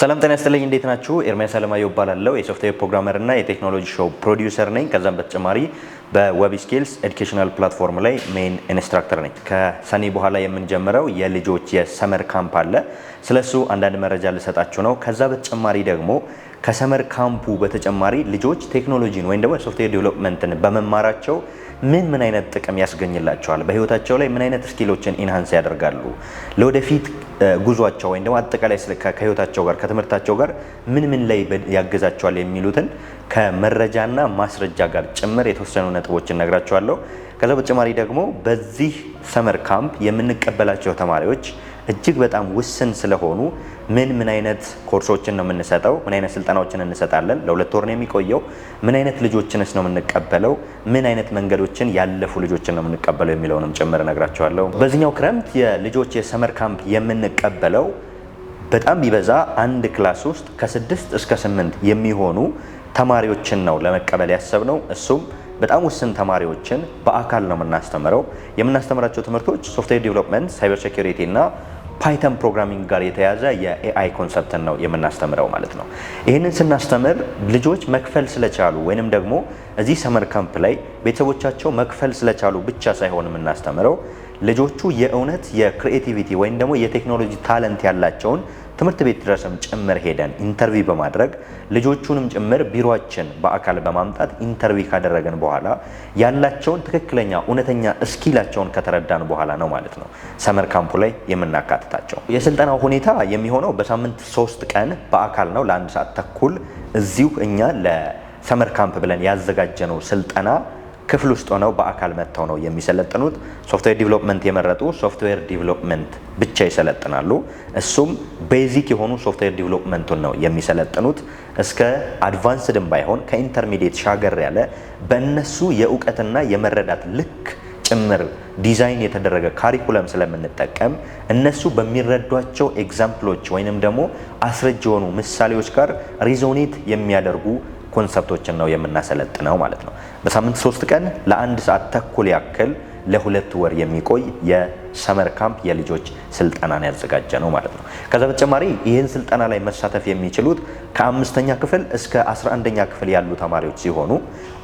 ሰላም ጤና ይስጥልኝ። እንዴት ናችሁ? ኤርሚያስ አለማየሁ እባላለሁ። የሶፍትዌር ፕሮግራመር እና የቴክኖሎጂ ሾው ፕሮዲውሰር ነኝ። ከዛም በተጨማሪ በዌብ ስኪልስ ኤዱኬሽናል ፕላትፎርም ላይ ሜን ኢንስትራክተር ነኝ። ከሰኔ በኋላ የምንጀምረው የልጆች የሰመር ካምፕ አለ። ስለሱ አንዳንድ መረጃ ልሰጣችሁ ነው። ከዛ በተጨማሪ ደግሞ ከሰመር ካምፑ በተጨማሪ ልጆች ቴክኖሎጂን ወይም ደግሞ የሶፍትዌር ዲቨሎፕመንትን በመማራቸው ምን ምን አይነት ጥቅም ያስገኝላቸዋል? በህይወታቸው ላይ ምን አይነት ስኪሎችን ኢንሃንስ ያደርጋሉ? ለወደፊት ጉዟቸው ወይም ደግሞ አጠቃላይ ከህይወታቸው ጋር ከትምህርታቸው ጋር ምን ምን ላይ ያግዛቸዋል የሚሉትን ከመረጃና ማስረጃ ጋር ጭምር የተወሰኑ ነጥቦችን እነግራቸዋለሁ። ከዛ በተጨማሪ ደግሞ በዚህ ሰመር ካምፕ የምንቀበላቸው ተማሪዎች እጅግ በጣም ውስን ስለሆኑ ምን ምን አይነት ኮርሶችን ነው የምንሰጠው? ምን አይነት ስልጠናዎችን እንሰጣለን? ለሁለት ወር ነው የሚቆየው። ምን አይነት ልጆችንስ ነው የምንቀበለው? ምን አይነት መንገዶችን ያለፉ ልጆችን ነው የምንቀበለው የሚለውንም ጭምር እነግራቸዋለሁ። በዚህኛው ክረምት የልጆች የሰመር ካምፕ የምንቀበለው በጣም ቢበዛ አንድ ክላስ ውስጥ ከስድስት እስከ ስምንት የሚሆኑ ተማሪዎችን ነው ለመቀበል ያሰብነው። እሱም በጣም ውስን ተማሪዎችን በአካል ነው የምናስተምረው። የምናስተምራቸው ትምህርቶች ሶፍትዌር ዲቨሎፕመንት፣ ሳይበር ሴኩሪቲ እና ፓይተን ፕሮግራሚንግ ጋር የተያዘ የኤአይ ኮንሰፕትን ነው የምናስተምረው ማለት ነው። ይህንን ስናስተምር ልጆች መክፈል ስለቻሉ ወይንም ደግሞ እዚህ ሰመር ካምፕ ላይ ቤተሰቦቻቸው መክፈል ስለቻሉ ብቻ ሳይሆን የምናስተምረው ልጆቹ የእውነት የክሪኤቲቪቲ ወይም ደግሞ የቴክኖሎጂ ታለንት ያላቸውን ትምህርት ቤት ድረስም ጭምር ሄደን ኢንተርቪው በማድረግ ልጆቹንም ጭምር ቢሮችን በአካል በማምጣት ኢንተርቪው ካደረገን በኋላ ያላቸውን ትክክለኛ እውነተኛ እስኪላቸውን ከተረዳን በኋላ ነው ማለት ነው ሰመር ካምፑ ላይ የምናካትታቸው። የስልጠናው ሁኔታ የሚሆነው በሳምንት ሶስት ቀን በአካል ነው ለአንድ ሰዓት ተኩል እዚሁ እኛ ለሰመር ካምፕ ብለን ያዘጋጀነው ስልጠና ክፍል ውስጥ ሆነው በአካል መጥተው ነው የሚሰለጥኑት። ሶፍትዌር ዲቨሎፕመንት የመረጡ ሶፍትዌር ዲቨሎፕመንት ብቻ ይሰለጥናሉ። እሱም ቤዚክ የሆኑ ሶፍትዌር ዲቨሎፕመንቱን ነው የሚሰለጥኑት። እስከ አድቫንስድም ባይሆን ከኢንተርሚዲየት ሻገር ያለ በእነሱ የእውቀትና የመረዳት ልክ ጭምር ዲዛይን የተደረገ ካሪኩለም ስለምንጠቀም እነሱ በሚረዷቸው ኤግዛምፕሎች ወይንም ደግሞ አስረጅ የሆኑ ምሳሌዎች ጋር ሪዞኔት የሚያደርጉ ኮንሰፕቶችን ነው የምናሰለጥነው ማለት ነው። በሳምንት ሶስት ቀን ለአንድ ሰዓት ተኩል ያክል ለሁለት ወር የሚቆይ የሰመር ካምፕ የልጆች ስልጠናን ያዘጋጀ ነው ማለት ነው። ከዛ በተጨማሪ ይህን ስልጠና ላይ መሳተፍ የሚችሉት ከአምስተኛ ክፍል እስከ 11ኛ ክፍል ያሉ ተማሪዎች ሲሆኑ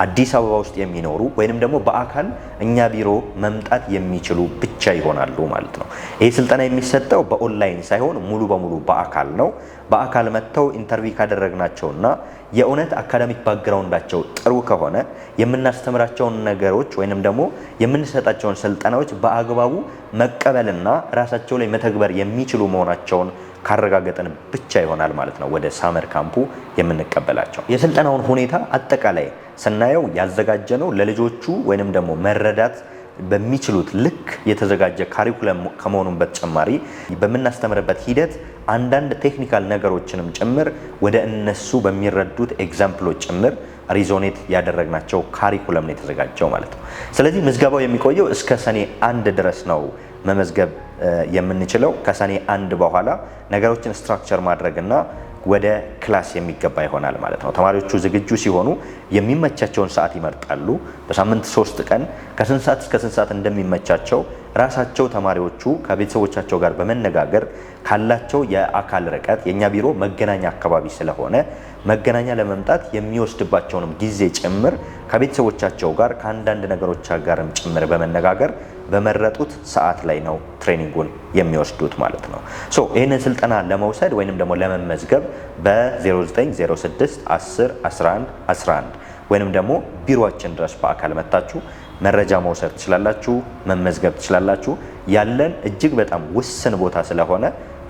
አዲስ አበባ ውስጥ የሚኖሩ ወይንም ደግሞ በአካል እኛ ቢሮ መምጣት የሚችሉ ብቻ ይሆናሉ ማለት ነው። ይህ ስልጠና የሚሰጠው በኦንላይን ሳይሆን ሙሉ በሙሉ በአካል ነው። በአካል መጥተው ኢንተርቪው ካደረግናቸውና የእውነት አካዳሚክ ባክግራውንዳቸው ጥሩ ከሆነ የምናስተምራቸውን ነገሮች ወይንም ደግሞ የምንሰጣቸውን ስልጠናዎች በአግባቡ መቀበልና ራሳቸው ላይ መተግበር የሚችሉ መሆናቸውን ካረጋገጠን ብቻ ይሆናል ማለት ነው ወደ ሳመር ካምፑ የምንቀበላቸው። የስልጠናውን ሁኔታ አጠቃላይ ስናየው ያዘጋጀ ነው ለልጆቹ ወይንም ደግሞ መረዳት በሚችሉት ልክ የተዘጋጀ ካሪኩለም ከመሆኑን በተጨማሪ በምናስተምርበት ሂደት አንዳንድ ቴክኒካል ነገሮችንም ጭምር ወደ እነሱ በሚረዱት ኤግዛምፕሎች ጭምር ሪዞኔት ያደረግናቸው ካሪኩለም ነው የተዘጋጀው ማለት ነው። ስለዚህ ምዝገባው የሚቆየው እስከ ሰኔ አንድ ድረስ ነው መመዝገብ የምንችለው። ከሰኔ አንድ በኋላ ነገሮችን ስትራክቸር ማድረግና ወደ ክላስ የሚገባ ይሆናል ማለት ነው። ተማሪዎቹ ዝግጁ ሲሆኑ የሚመቻቸውን ሰዓት ይመርጣሉ። በሳምንት ሶስት ቀን ከስንት ሰዓት እስከ ስንት ሰዓት እንደሚመቻቸው ራሳቸው ተማሪዎቹ ከቤተሰቦቻቸው ጋር በመነጋገር ካላቸው የአካል ርቀት የእኛ ቢሮ መገናኛ አካባቢ ስለሆነ መገናኛ ለመምጣት የሚወስድባቸውንም ጊዜ ጭምር ከቤተሰቦቻቸው ጋር ከአንዳንድ ነገሮች ጋርም ጭምር በመነጋገር በመረጡት ሰዓት ላይ ነው ትሬኒንጉን የሚወስዱት ማለት ነው። ሶ ይህንን ስልጠና ለመውሰድ ወይንም ደግሞ ለመመዝገብ በ0906 10 11 11 ወይንም ደግሞ ቢሮአችን ድረስ በአካል መታችሁ መረጃ መውሰድ ትችላላችሁ፣ መመዝገብ ትችላላችሁ። ያለን እጅግ በጣም ውስን ቦታ ስለሆነ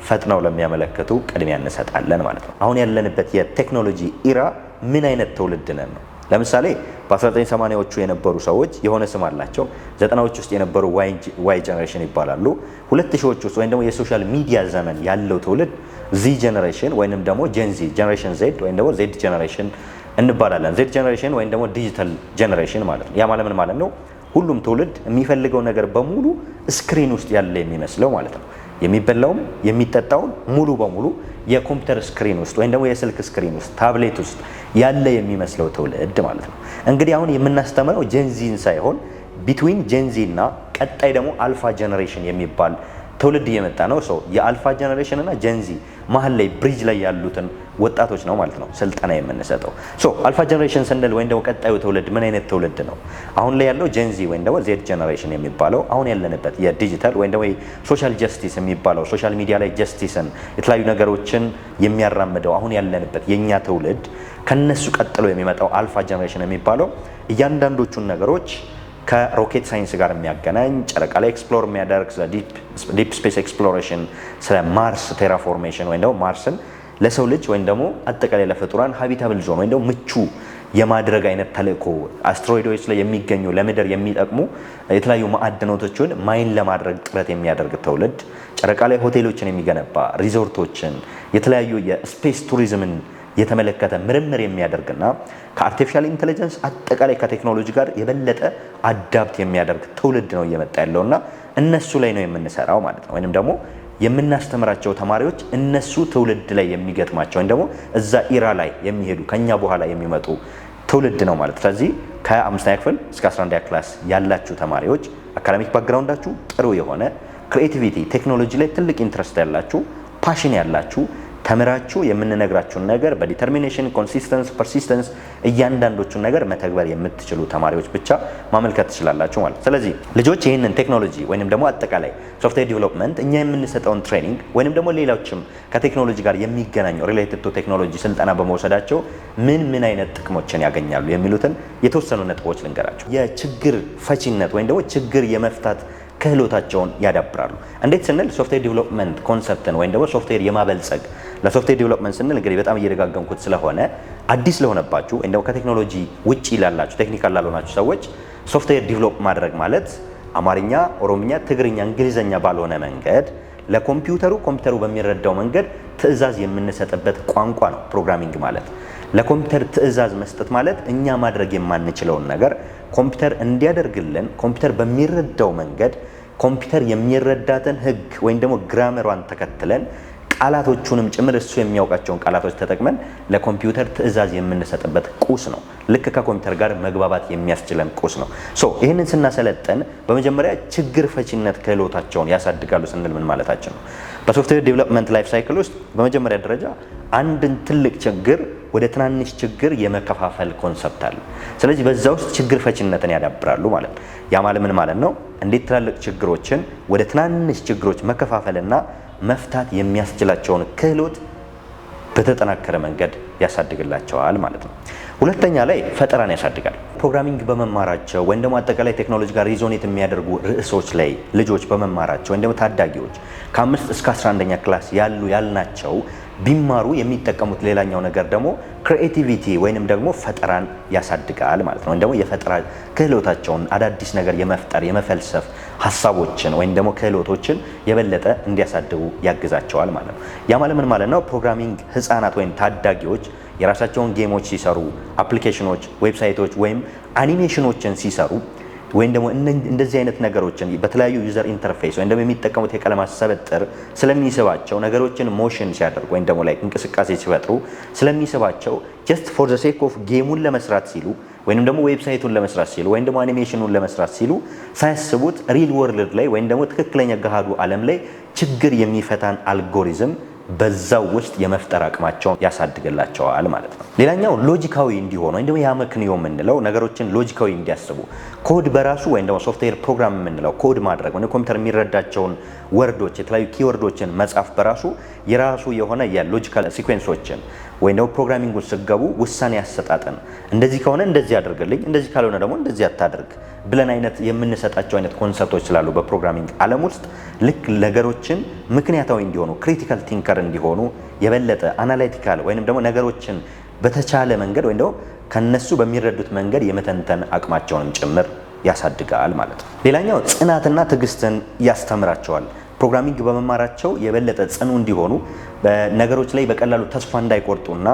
ፈጥነው ለሚያመለክቱ ቅድሚያ እንሰጣለን ማለት ነው። አሁን ያለንበት የቴክኖሎጂ ኢራ ምን አይነት ትውልድ ነን ነው ለምሳሌ በ1980ዎቹ የነበሩ ሰዎች የሆነ ስም አላቸው። ዘጠናዎች ውስጥ የነበሩ ዋይ ጀኔሬሽን ይባላሉ። ሁለት ሺዎች ውስጥ ወይም ደግሞ የሶሻል ሚዲያ ዘመን ያለው ትውልድ ዚ ጀኔሬሽን ወይም ደግሞ ጀንዚ ጀኔሬሽን ዜድ ወይም ደግሞ ዜድ ጀኔሬሽን እንባላለን። ዜድ ጀኔሬሽን ወይም ደግሞ ዲጂታል ጀኔሬሽን ማለት ነው። ያ ማለት ምን ማለት ነው? ሁሉም ትውልድ የሚፈልገው ነገር በሙሉ ስክሪን ውስጥ ያለ የሚመስለው ማለት ነው። የሚበላውም የሚጠጣውም ሙሉ በሙሉ የኮምፒውተር ስክሪን ውስጥ ወይም ደግሞ የስልክ ስክሪን ውስጥ ታብሌት ውስጥ ያለ የሚመስለው ትውልድ ማለት ነው። እንግዲህ አሁን የምናስተምረው ጀንዚን ሳይሆን ቢትዊን ጄንዚ እና ቀጣይ ደግሞ አልፋ ጀኔሬሽን የሚባል ትውልድ እየመጣ ነው። ሰው የአልፋ ጀነሬሽን እና ጀንዚ መሀል ላይ ብሪጅ ላይ ያሉትን ወጣቶች ነው ማለት ነው ስልጠና የምንሰጠው። ሶ አልፋ ጀነሬሽን ስንል ወይም ደግሞ ቀጣዩ ትውልድ ምን አይነት ትውልድ ነው? አሁን ላይ ያለው ጀንዚ ወይም ደግሞ ዜድ ጀነሬሽን የሚባለው አሁን ያለንበት የዲጂታል ወይም ደግሞ ሶሻል ጀስቲስ የሚባለው ሶሻል ሚዲያ ላይ ጀስቲስን የተለያዩ ነገሮችን የሚያራምደው አሁን ያለንበት የእኛ ትውልድ ከነሱ ቀጥሎ የሚመጣው አልፋ ጀነሬሽን የሚባለው እያንዳንዶቹን ነገሮች ከሮኬት ሳይንስ ጋር የሚያገናኝ ጨረቃ ላይ ኤክስፕሎር የሚያደርግ ዲፕ ስፔስ ኤክስፕሎሬሽን፣ ስለ ማርስ ቴራፎርሜሽን ወይም ደግሞ ማርስን ለሰው ልጅ ወይም ደግሞ አጠቃላይ ለፍጡራን ሀቢታብል ዞን ወይም ደግሞ ምቹ የማድረግ አይነት ተልእኮ አስትሮይዶች ላይ የሚገኙ ለምድር የሚጠቅሙ የተለያዩ ማዕድኖቶችን ማይን ለማድረግ ጥረት የሚያደርግ ትውልድ፣ ጨረቃ ላይ ሆቴሎችን የሚገነባ ሪዞርቶችን፣ የተለያዩ የስፔስ ቱሪዝምን የተመለከተ ምርምር የሚያደርግና ከአርቲፊሻል ኢንቴሊጀንስ አጠቃላይ ከቴክኖሎጂ ጋር የበለጠ አዳፕት የሚያደርግ ትውልድ ነው እየመጣ ያለውና እነሱ ላይ ነው የምንሰራው ማለት ነው ወይም ደግሞ የምናስተምራቸው ተማሪዎች እነሱ ትውልድ ላይ የሚገጥማቸው ወይም ደግሞ እዛ ኢራ ላይ የሚሄዱ ከኛ በኋላ የሚመጡ ትውልድ ነው ማለት። ስለዚህ ከአምስተኛ ክፍል እስከ 11ኛ ክላስ ያላችሁ ተማሪዎች አካዳሚክ ባክግራውንዳችሁ ጥሩ የሆነ ክሬቲቪቲ፣ ቴክኖሎጂ ላይ ትልቅ ኢንትረስት ያላችሁ፣ ፓሽን ያላችሁ ተምራችሁ የምንነግራችሁን ነገር በዲተርሚኔሽን ኮንሲስተንስ፣ ፐርሲስተንስ እያንዳንዶቹን ነገር መተግበር የምትችሉ ተማሪዎች ብቻ ማመልከት ትችላላችሁ ማለት። ስለዚህ ልጆች ይህንን ቴክኖሎጂ ወይም ደግሞ አጠቃላይ ሶፍትዌር ዲቨሎፕመንት እኛ የምንሰጠውን ትሬኒንግ ወይም ደግሞ ሌሎችም ከቴክኖሎጂ ጋር የሚገናኙ ሪሌትድ ቱ ቴክኖሎጂ ስልጠና በመውሰዳቸው ምን ምን አይነት ጥቅሞችን ያገኛሉ የሚሉትን የተወሰኑ ነጥቦች ልንገራቸው። የችግር ፈቺነት ወይም ደግሞ ችግር የመፍታት ክህሎታቸውን ያዳብራሉ። እንዴት ስንል ሶፍትዌር ዲቨሎፕመንት ኮንሰፕትን ወይም ደግሞ ሶፍትዌር የማበልጸግ ለሶፍትዌር ዲቨሎፕመንት ስንል እንግዲህ በጣም እየደጋገምኩት ስለሆነ አዲስ ለሆነባችሁ ወይም ደግሞ ከቴክኖሎጂ ውጭ ላላችሁ ቴክኒካል ላልሆናችሁ ሰዎች ሶፍትዌር ዲቨሎፕ ማድረግ ማለት አማርኛ፣ ኦሮምኛ፣ ትግርኛ፣ እንግሊዝኛ ባልሆነ መንገድ ለኮምፒውተሩ ኮምፒውተሩ በሚረዳው መንገድ ትዕዛዝ የምንሰጥበት ቋንቋ ነው ፕሮግራሚንግ ማለት። ለኮምፒውተር ትዕዛዝ መስጠት ማለት እኛ ማድረግ የማንችለውን ነገር ኮምፒውተር እንዲያደርግልን ኮምፒውተር በሚረዳው መንገድ ኮምፒውተር የሚረዳትን ህግ ወይም ደግሞ ግራመሯን ተከትለን ቃላቶቹንም ጭምር እሱ የሚያውቃቸውን ቃላቶች ተጠቅመን ለኮምፒውተር ትዕዛዝ የምንሰጥበት ቁስ ነው። ልክ ከኮምፒውተር ጋር መግባባት የሚያስችለን ቁስ ነው። ሶ ይህንን ስናሰለጠን በመጀመሪያ ችግር ፈቺነት ክህሎታቸውን ያሳድጋሉ ስንል ምን ማለታችን ነው? በሶፍትዌር ዴቨሎፕመንት ላይፍ ሳይክል ውስጥ በመጀመሪያ ደረጃ አንድን ትልቅ ችግር ወደ ትናንሽ ችግር የመከፋፈል ኮንሰፕት አለ። ስለዚህ በዛ ውስጥ ችግር ፈችነትን ያዳብራሉ ማለት ነው። ያ ማለት ምን ማለት ነው? እንዴት ትላልቅ ችግሮችን ወደ ትናንሽ ችግሮች መከፋፈልና መፍታት የሚያስችላቸውን ክህሎት በተጠናከረ መንገድ ያሳድግላቸዋል ማለት ነው። ሁለተኛ ላይ ፈጠራን ያሳድጋል። ፕሮግራሚንግ በመማራቸው ወይም ደግሞ አጠቃላይ ቴክኖሎጂ ጋር ሪዞኔት የሚያደርጉ ርዕሶች ላይ ልጆች በመማራቸው ወይም ደግሞ ታዳጊዎች ከአምስት እስከ 11ኛ ክላስ ያሉ ያልናቸው ቢማሩ የሚጠቀሙት ሌላኛው ነገር ደግሞ ክሪኤቲቪቲ ወይንም ደግሞ ፈጠራን ያሳድጋል ማለት ነው። ወይም ደግሞ የፈጠራ ክህሎታቸውን አዳዲስ ነገር የመፍጠር የመፈልሰፍ ሀሳቦችን ወይም ደግሞ ክህሎቶችን የበለጠ እንዲያሳድጉ ያግዛቸዋል ማለት ነው። ያ ማለት ምን ማለት ነው? ፕሮግራሚንግ ህጻናት ወይም ታዳጊዎች የራሳቸውን ጌሞች ሲሰሩ፣ አፕሊኬሽኖች፣ ዌብሳይቶች ወይም አኒሜሽኖችን ሲሰሩ ወይም ደግሞ እንደዚህ አይነት ነገሮችን በተለያዩ ዩዘር ኢንተርፌስ ወይም ደግሞ የሚጠቀሙት የቀለማት ስብጥር ስለሚስባቸው ነገሮችን ሞሽን ሲያደርጉ ወይም ደግሞ ላይ እንቅስቃሴ ሲፈጥሩ ስለሚስባቸው ጀስት ፎር ዘ ሴክ ኦፍ ጌሙን ለመስራት ሲሉ ወይም ደግሞ ዌብሳይቱን ለመስራት ሲሉ ወይም ደግሞ አኒሜሽኑን ለመስራት ሲሉ ሳያስቡት ሪል ወርልድ ላይ ወይም ደግሞ ትክክለኛ ገሃዱ ዓለም ላይ ችግር የሚፈታን አልጎሪዝም በዛው ውስጥ የመፍጠር አቅማቸውን ያሳድግላቸዋል ማለት ነው። ሌላኛው ሎጂካዊ እንዲሆኑ ወይም ደግሞ የአመክንዮ የምንለው ነገሮችን ሎጂካዊ እንዲያስቡ ኮድ በራሱ ወይም ደግሞ ሶፍትዌር ፕሮግራም የምንለው ኮድ ማድረግ ወይም ኮምፒውተር የሚረዳቸውን ወርዶች የተለያዩ ኪወርዶችን መጻፍ በራሱ የራሱ የሆነ የሎጂካል ሲኩዌንሶችን ወይም ደግሞ ፕሮግራሚንጉን ስገቡ ውሳኔ አሰጣጥን እንደዚህ ከሆነ እንደዚህ አድርግልኝ፣ እንደዚህ ካልሆነ ደግሞ እንደዚህ አታድርግ ብለን አይነት የምንሰጣቸው አይነት ኮንሰርቶች ስላሉ በፕሮግራሚንግ ዓለም ውስጥ ልክ ነገሮችን ምክንያታዊ እንዲሆኑ ክሪቲካል ቲንከር እንዲሆኑ የበለጠ አናላይቲካል ወይም ደግሞ ነገሮችን በተቻለ መንገድ ወይም ደግሞ ከነሱ በሚረዱት መንገድ የመተንተን አቅማቸውንም ጭምር ያሳድጋል ማለት ነው። ሌላኛው ጽናትና ትዕግስትን ያስተምራቸዋል። ፕሮግራሚንግ በመማራቸው የበለጠ ጽኑ እንዲሆኑ በነገሮች ላይ በቀላሉ ተስፋ እንዳይቆርጡና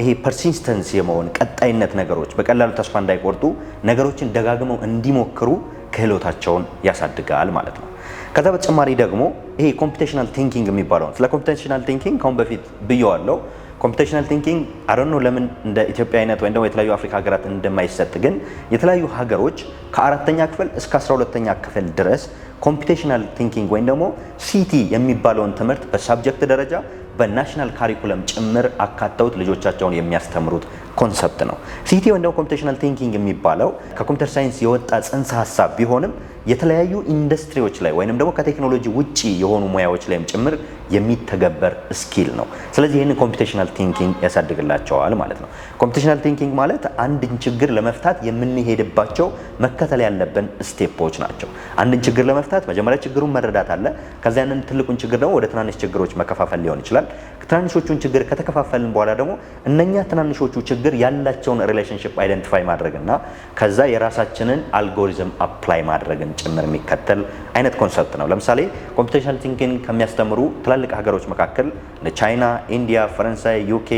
ይሄ ፐርሲስተንስ የመሆን ቀጣይነት ነገሮች በቀላሉ ተስፋ እንዳይቆርጡ ነገሮችን ደጋግመው እንዲሞክሩ ክህሎታቸውን ያሳድጋል ማለት ነው። ከዛ በተጨማሪ ደግሞ ይሄ ኮምፒቴሽናል ቲንኪንግ የሚባለውን ስለ ኮምፒቴሽናል ቲንኪንግ ከአሁን በፊት ብየዋለው። ኮምፒቴሽናል ቲንኪንግ አዶን ለምን እንደ ኢትዮጵያ አይነት ወይም ደግሞ የተለያዩ አፍሪካ ሀገራት እንደማይሰጥ ግን የተለያዩ ሀገሮች ከአራተኛ ክፍል እስከ 12ተኛ ክፍል ድረስ ኮምፒቴሽናል ቲንኪንግ ወይም ደግሞ ሲቲ የሚባለውን ትምህርት በሳብጀክት ደረጃ በናሽናል ካሪኩለም ጭምር አካተውት ልጆቻቸውን የሚያስተምሩት ኮንሰፕት ነው። ሲቲ ወይም ደግሞ ኮምፒቴሽናል ቲንኪንግ የሚባለው ከኮምፒውተር ሳይንስ የወጣ ጽንሰ ሀሳብ ቢሆንም የተለያዩ ኢንዱስትሪዎች ላይ ወይንም ደግሞ ከቴክኖሎጂ ውጪ የሆኑ ሙያዎች ላይም ጭምር የሚተገበር ስኪል ነው። ስለዚህ ይህንን ኮምፒቴሽናል ቲንኪንግ ያሳድግላቸዋል ማለት ነው። ኮምፒቴሽናል ቲንኪንግ ማለት አንድን ችግር ለመፍታት የምንሄድባቸው መከተል ያለብን ስቴፖች ናቸው። አንድን ችግር ለመፍታት መጀመሪያ ችግሩን መረዳት አለ። ከዚያ ያንን ትልቁን ችግር ደግሞ ወደ ትናንሽ ችግሮች መከፋፈል ሊሆን ይችላል። ትናንሾቹን ችግር ከተከፋፈልን በኋላ ደግሞ እነኛ ትናንሾቹ ችግር ያላቸውን ሪሌሽንሽፕ አይደንቲፋይ ማድረግ እና ከዛ የራሳችንን አልጎሪዝም አፕላይ ማድረግን ጭምር የሚከተል አይነት ኮንሰፕት ነው። ለምሳሌ ኮምፒቴሽናል ቲንኪንግ ከሚያስተምሩ ትላልቅ ሀገሮች መካከል እንደ ቻይና፣ ኢንዲያ፣ ፈረንሳይ፣ ዩኬ፣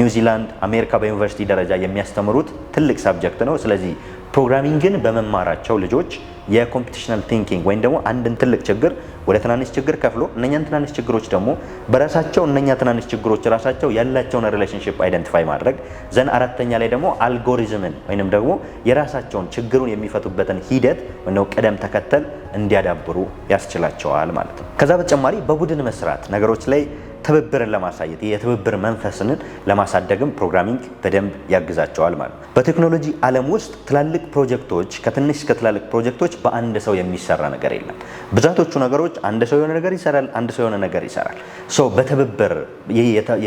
ኒውዚላንድ፣ አሜሪካ በዩኒቨርሲቲ ደረጃ የሚያስተምሩት ትልቅ ሰብጀክት ነው። ስለዚህ ፕሮግራሚንግን በመማራቸው ልጆች የኮምፒቲሽናል ቲንኪንግ ወይም ደግሞ አንድን ትልቅ ችግር ወደ ትናንሽ ችግር ከፍሎ እነኛን ትናንሽ ችግሮች ደግሞ በራሳቸው እነኛ ትናንሽ ችግሮች ራሳቸው ያላቸውን ሪሌሽንሽፕ አይደንቲፋይ ማድረግ ዘን አራተኛ ላይ ደግሞ አልጎሪዝምን ወይንም ደግሞ የራሳቸውን ችግሩን የሚፈቱበትን ሂደት ወይ ቅደም ተከተል እንዲያዳብሩ ያስችላቸዋል ማለት ነው። ከዛ በተጨማሪ በቡድን መስራት ነገሮች ላይ ትብብርን ለማሳየት የትብብር መንፈስን ለማሳደግም ፕሮግራሚንግ በደንብ ያግዛቸዋል ማለት ነው። በቴክኖሎጂ ዓለም ውስጥ ትላልቅ ፕሮጀክቶች ከትንሽ እስከ ትላልቅ ፕሮጀክቶች በአንድ ሰው የሚሰራ ነገር የለም። ብዛቶቹ ነገሮች አንድ ሰው የሆነ ነገር ይሰራል፣ አንድ ሰው የሆነ ነገር ይሰራል። ሶ በትብብር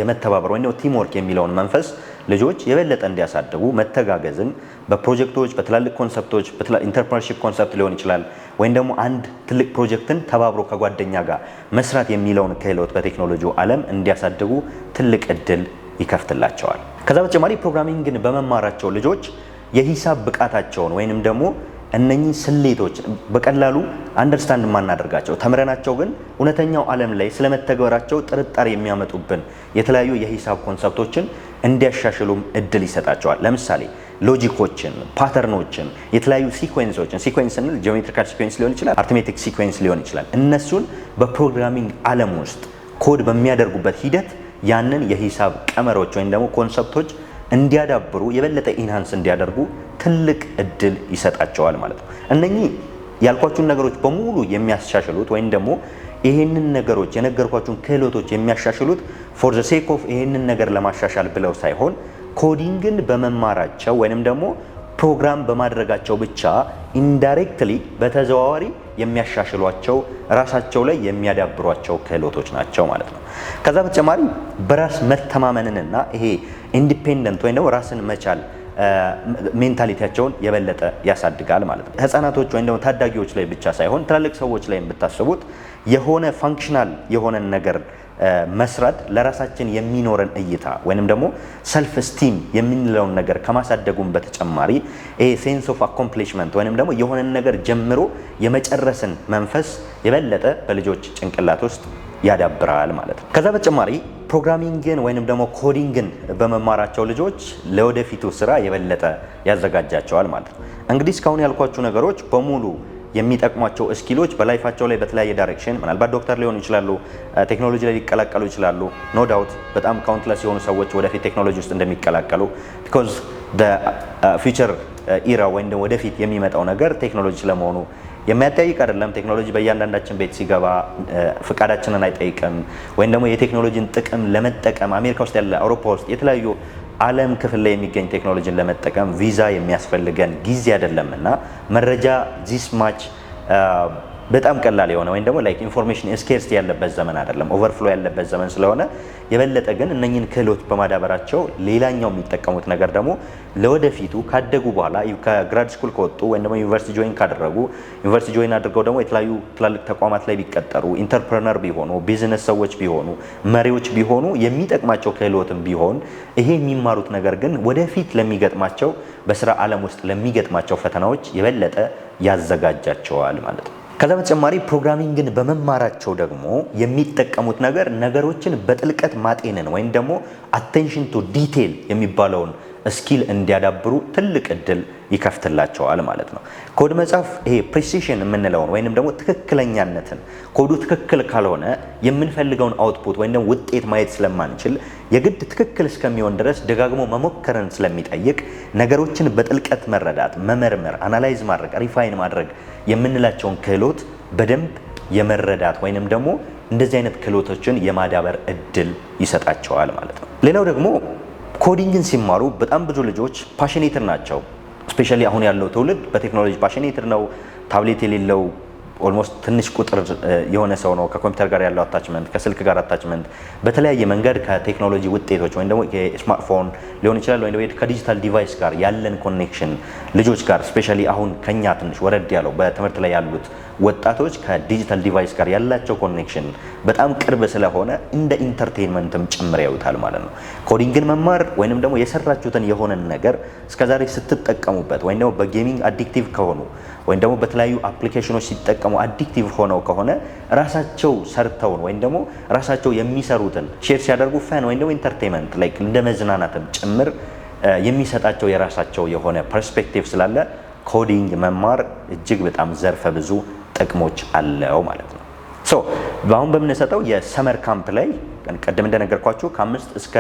የመተባበር ወይ ቲምወርክ የሚለውን መንፈስ ልጆች የበለጠ እንዲያሳድጉ መተጋገዝን በፕሮጀክቶች በትላልቅ ኮንሰፕቶች ኢንተርፕርነርሺፕ ኮንሰፕት ሊሆን ይችላል ወይም ደግሞ አንድ ትልቅ ፕሮጀክትን ተባብሮ ከጓደኛ ጋር መስራት የሚለውን ክህሎት በቴክኖሎጂ ዓለም እንዲያሳድጉ ትልቅ እድል ይከፍትላቸዋል። ከዛ በተጨማሪ ፕሮግራሚንግን በመማራቸው ልጆች የሂሳብ ብቃታቸውን ወይንም ደግሞ እነኚህ ስሌቶች በቀላሉ አንደርስታንድ የማናደርጋቸው ተምረናቸው ግን እውነተኛው ዓለም ላይ ስለመተግበራቸው ጥርጣሬ የሚያመጡብን የተለያዩ የሂሳብ ኮንሰፕቶችን እንዲያሻሽሉም እድል ይሰጣቸዋል። ለምሳሌ ሎጂኮችን፣ ፓተርኖችን፣ የተለያዩ ሲኮንሶችን ሲኮንስ ስንል ጂኦሜትሪካል ሲኮንስ ሊሆን ይችላል፣ አርትሜቲክ ሲኮንስ ሊሆን ይችላል። እነሱን በፕሮግራሚንግ ዓለም ውስጥ ኮድ በሚያደርጉበት ሂደት ያንን የሂሳብ ቀመሮች ወይም ደግሞ ኮንሰፕቶች እንዲያዳብሩ የበለጠ ኢንሃንስ እንዲያደርጉ ትልቅ እድል ይሰጣቸዋል ማለት ነው። እነኚህ ያልኳችሁን ነገሮች በሙሉ የሚያሻሽሉት ወይም ደግሞ ይህንን ነገሮች የነገርኳቸውን ክህሎቶች የሚያሻሽሉት ፎር ዘ ሴክ ኦፍ ይህንን ነገር ለማሻሻል ብለው ሳይሆን ኮዲንግን በመማራቸው ወይንም ደግሞ ፕሮግራም በማድረጋቸው ብቻ ኢንዳይሬክትሊ በተዘዋዋሪ የሚያሻሽሏቸው ራሳቸው ላይ የሚያዳብሯቸው ክህሎቶች ናቸው ማለት ነው። ከዛ በተጨማሪ በራስ መተማመንንና ይሄ ኢንዲፔንደንት ወይም ደግሞ ራስን መቻል ሜንታሊቲያቸውን የበለጠ ያሳድጋል ማለት ነው። ህጻናቶች ወይም ደግሞ ታዳጊዎች ላይ ብቻ ሳይሆን ትላልቅ ሰዎች ላይ ብታስቡት የሆነ ፋንክሽናል የሆነን ነገር መስራት ለራሳችን የሚኖረን እይታ ወይንም ደግሞ ሰልፍ ስቲም የምንለውን ነገር ከማሳደጉም በተጨማሪ ይሄ ሴንስ ኦፍ አኮምፕሊሽመንት ወይንም ደግሞ የሆነን ነገር ጀምሮ የመጨረስን መንፈስ የበለጠ በልጆች ጭንቅላት ውስጥ ያዳብራል ማለት ነው። ከዛ በተጨማሪ ፕሮግራሚንግን ወይንም ደግሞ ኮዲንግን በመማራቸው ልጆች ለወደፊቱ ስራ የበለጠ ያዘጋጃቸዋል ማለት ነው። እንግዲህ እስካሁን ያልኳችሁ ነገሮች በሙሉ የሚጠቅሟቸው እስኪሎች በላይፋቸው ላይ በተለያየ ዳይሬክሽን ምናልባት ዶክተር ሊሆኑ ይችላሉ፣ ቴክኖሎጂ ላይ ሊቀላቀሉ ይችላሉ። ኖ ዳውት በጣም ካውንትለስ የሆኑ ሰዎች ወደፊት ቴክኖሎጂ ውስጥ እንደሚቀላቀሉ ቢኮዝ ፊውቸር ኢራ ወይም ወደፊት የሚመጣው ነገር ቴክኖሎጂ ስለመሆኑ የሚያጠያይቅ አይደለም። ቴክኖሎጂ በእያንዳንዳችን ቤት ሲገባ ፍቃዳችንን አይጠይቅም። ወይም ደግሞ የቴክኖሎጂን ጥቅም ለመጠቀም አሜሪካ ውስጥ ያለ አውሮፓ ውስጥ የተለያዩ ዓለም ክፍል ላይ የሚገኝ ቴክኖሎጂን ለመጠቀም ቪዛ የሚያስፈልገን ጊዜ አይደለም እና መረጃ ዚስ ማች በጣም ቀላል የሆነ ወይም ደግሞ ላይክ ኢንፎርሜሽን ስኬርስቲ ያለበት ዘመን አይደለም፣ ኦቨርፍሎ ያለበት ዘመን ስለሆነ የበለጠ ግን እነኝን ክህሎት በማዳበራቸው ሌላኛው የሚጠቀሙት ነገር ደግሞ ለወደፊቱ ካደጉ በኋላ ከግራድ ስኩል ከወጡ ወይም ደግሞ ዩኒቨርሲቲ ጆይን ካደረጉ ዩኒቨርሲቲ ጆይን አድርገው ደግሞ የተለያዩ ትላልቅ ተቋማት ላይ ቢቀጠሩ ኢንተርፕረነር ቢሆኑ ቢዝነስ ሰዎች ቢሆኑ መሪዎች ቢሆኑ የሚጠቅማቸው ክህሎትም ቢሆን ይሄ የሚማሩት ነገር ግን ወደፊት ለሚገጥማቸው በስራ ዓለም ውስጥ ለሚገጥማቸው ፈተናዎች የበለጠ ያዘጋጃቸዋል ማለት ነው። ከዛ በተጨማሪ ፕሮግራሚንግን በመማራቸው ደግሞ የሚጠቀሙት ነገር ነገሮችን በጥልቀት ማጤንን ወይም ደግሞ አቴንሽን ቱ ዲቴል የሚባለውን ስኪል እንዲያዳብሩ ትልቅ እድል ይከፍትላቸዋል ማለት ነው። ኮድ መጻፍ ይሄ ፕሪሲሽን የምንለውን ወይንም ደግሞ ትክክለኛነትን ኮዱ ትክክል ካልሆነ የምንፈልገውን አውትፑት ወይም ደግሞ ውጤት ማየት ስለማንችል የግድ ትክክል እስከሚሆን ድረስ ደጋግሞ መሞከርን ስለሚጠይቅ ነገሮችን በጥልቀት መረዳት፣ መመርመር፣ አናላይዝ ማድረግ፣ ሪፋይን ማድረግ የምንላቸውን ክህሎት በደንብ የመረዳት ወይንም ደግሞ እንደዚህ አይነት ክህሎቶችን የማዳበር እድል ይሰጣቸዋል ማለት ነው። ሌላው ደግሞ ኮዲንግን ሲማሩ በጣም ብዙ ልጆች ፓሽኔትር ናቸው። ስፔሻሊ አሁን ያለው ትውልድ በቴክኖሎጂ ፓሽኔትር ነው። ታብሌት የሌለው ኦልሞስት ትንሽ ቁጥር የሆነ ሰው ነው። ከኮምፒውተር ጋር ያለው አታችመንት፣ ከስልክ ጋር አታችመንት፣ በተለያየ መንገድ ከቴክኖሎጂ ውጤቶች ወይም ደግሞ ስማርትፎን ሊሆን ይችላል ወይም ደግሞ ከዲጂታል ዲቫይስ ጋር ያለን ኮኔክሽን ልጆች ጋር ስፔሻሊ አሁን ከኛ ትንሽ ወረድ ያለው በትምህርት ላይ ያሉት ወጣቶች ከዲጂታል ዲቫይስ ጋር ያላቸው ኮኔክሽን በጣም ቅርብ ስለሆነ እንደ ኢንተርቴንመንትም ጭምር ያዩታል ማለት ነው። ኮዲንግን መማር ወይንም ደግሞ የሰራችሁትን የሆነን ነገር እስከዛሬ ስትጠቀሙበት ወይም ደግሞ በጌሚንግ አዲክቲቭ ከሆኑ ወይም ደግሞ በተለያዩ አፕሊኬሽኖች ሲጠቀሙ አዲክቲቭ ሆነው ከሆነ ራሳቸው ሰርተውን ወይም ደግሞ ራሳቸው የሚሰሩትን ሼር ሲያደርጉ ፈን ወይም ደግሞ ኢንተርቴንመንት ላይክ እንደ መዝናናትም ጭምር የሚሰጣቸው የራሳቸው የሆነ ፐርስፔክቲቭ ስላለ ኮዲንግ መማር እጅግ በጣም ዘርፈ ብዙ ጥቅሞች አለው ማለት ነው። ሶ በአሁን በምንሰጠው የሰመር ካምፕ ላይ ቀደም እንደነገርኳችሁ ከአምስት እስከ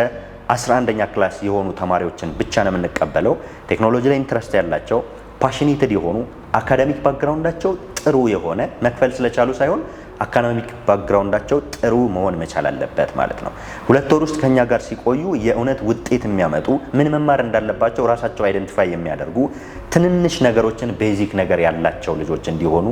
11ኛ ክላስ የሆኑ ተማሪዎችን ብቻ ነው የምንቀበለው። ቴክኖሎጂ ላይ ኢንትረስት ያላቸው ፓሽኔትድ የሆኑ አካዳሚክ ባክግራውንዳቸው ጥሩ የሆነ መክፈል ስለቻሉ ሳይሆን አካዳሚክ ባክግራውንዳቸው ጥሩ መሆን መቻል አለበት ማለት ነው። ሁለት ወር ውስጥ ከኛ ጋር ሲቆዩ የእውነት ውጤት የሚያመጡ ምን መማር እንዳለባቸው ራሳቸው አይደንቲፋይ የሚያደርጉ ትንንሽ ነገሮችን ቤዚክ ነገር ያላቸው ልጆች እንዲሆኑ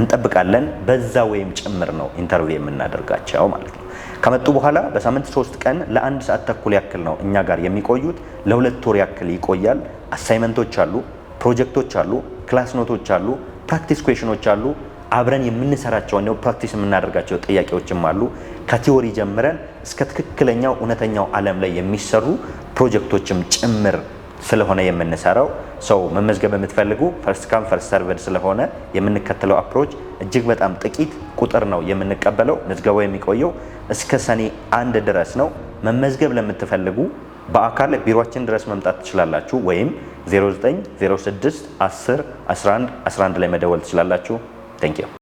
እንጠብቃለን። በዛ ወይም ጭምር ነው ኢንተርቪው የምናደርጋቸው ማለት ነው። ከመጡ በኋላ በሳምንት ሶስት ቀን ለአንድ ሰዓት ተኩል ያክል ነው እኛ ጋር የሚቆዩት። ለሁለት ወር ያክል ይቆያል። አሳይመንቶች አሉ፣ ፕሮጀክቶች አሉ፣ ክላስ ኖቶች አሉ፣ ፕራክቲስ ኩዌሽኖች አሉ። አብረን የምንሰራቸው ነው ፕራክቲስ የምናደርጋቸው ጥያቄዎችም አሉ። ከቲዎሪ ጀምረን እስከ ትክክለኛው እውነተኛው ዓለም ላይ የሚሰሩ ፕሮጀክቶችም ጭምር ስለሆነ የምንሰራው ሰው መመዝገብ የምትፈልጉ ፈርስት ካም ፈርስት ሰርቨድ ስለሆነ የምንከተለው አፕሮች እጅግ በጣም ጥቂት ቁጥር ነው የምንቀበለው። ምዝገባው የሚቆየው እስከ ሰኔ አንድ ድረስ ነው። መመዝገብ ለምትፈልጉ በአካል ቢሮችን ድረስ መምጣት ትችላላችሁ፣ ወይም 0906 10 11 11 ላይ መደወል ትችላላችሁ። ታንኪዩ